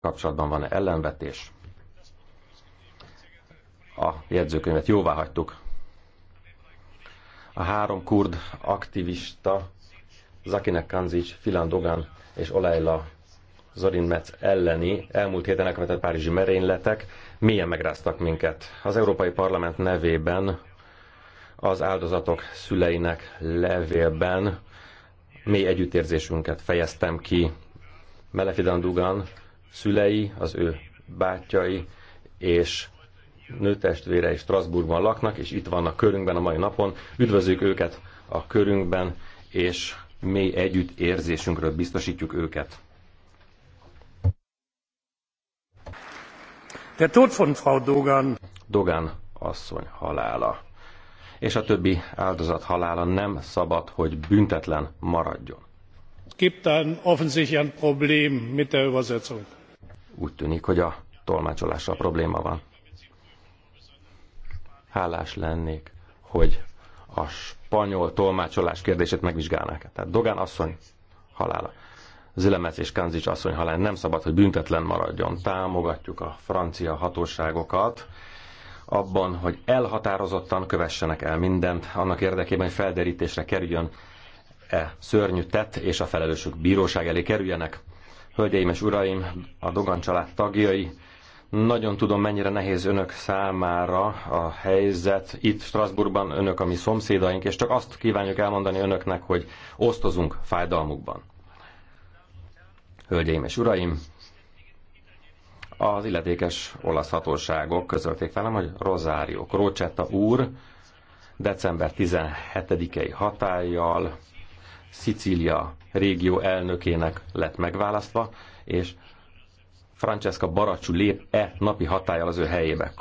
kapcsolatban van-e ellenvetés? A jegyzőkönyvet jóvá hagytuk. A három kurd aktivista, Zakinek Kanzics, Filan Dogan és Olajla Zorin Metz elleni elmúlt héten elkövetett párizsi merényletek mélyen megráztak minket. Az Európai Parlament nevében az áldozatok szüleinek levélben mély együttérzésünket fejeztem ki. Melefidan Dugan, szülei, az ő bátyai és nőtestvérei Strasbourgban laknak, és itt vannak körünkben a mai napon. Üdvözlük őket a körünkben, és mély érzésünkről biztosítjuk őket. Der Tod von Frau Dogan. Dogan asszony halála. És a többi áldozat halála nem szabad, hogy büntetlen maradjon. gibt ein offensichtlich ein Problem mit der Übersetzung. Úgy tűnik, hogy a tolmácsolással probléma van. Hálás lennék, hogy a spanyol tolmácsolás kérdését megvizsgálnák. Tehát Dogán asszony halála. Zilemec és Kanzics asszony halála nem szabad, hogy büntetlen maradjon. Támogatjuk a francia hatóságokat abban, hogy elhatározottan kövessenek el mindent, annak érdekében, hogy felderítésre kerüljön e szörnyű tett, és a felelősök bíróság elé kerüljenek. Hölgyeim és uraim, a Dogan család tagjai, nagyon tudom, mennyire nehéz önök számára a helyzet itt Strasbourgban, önök a mi szomszédaink, és csak azt kívánjuk elmondani önöknek, hogy osztozunk fájdalmukban. Hölgyeim és uraim, az illetékes olasz hatóságok közölték velem, hogy Rosario Crocetta úr december 17-i hatállyal Szicília régió elnökének lett megválasztva, és Francesca Baracsú lép e napi hatállyal az ő helyébe.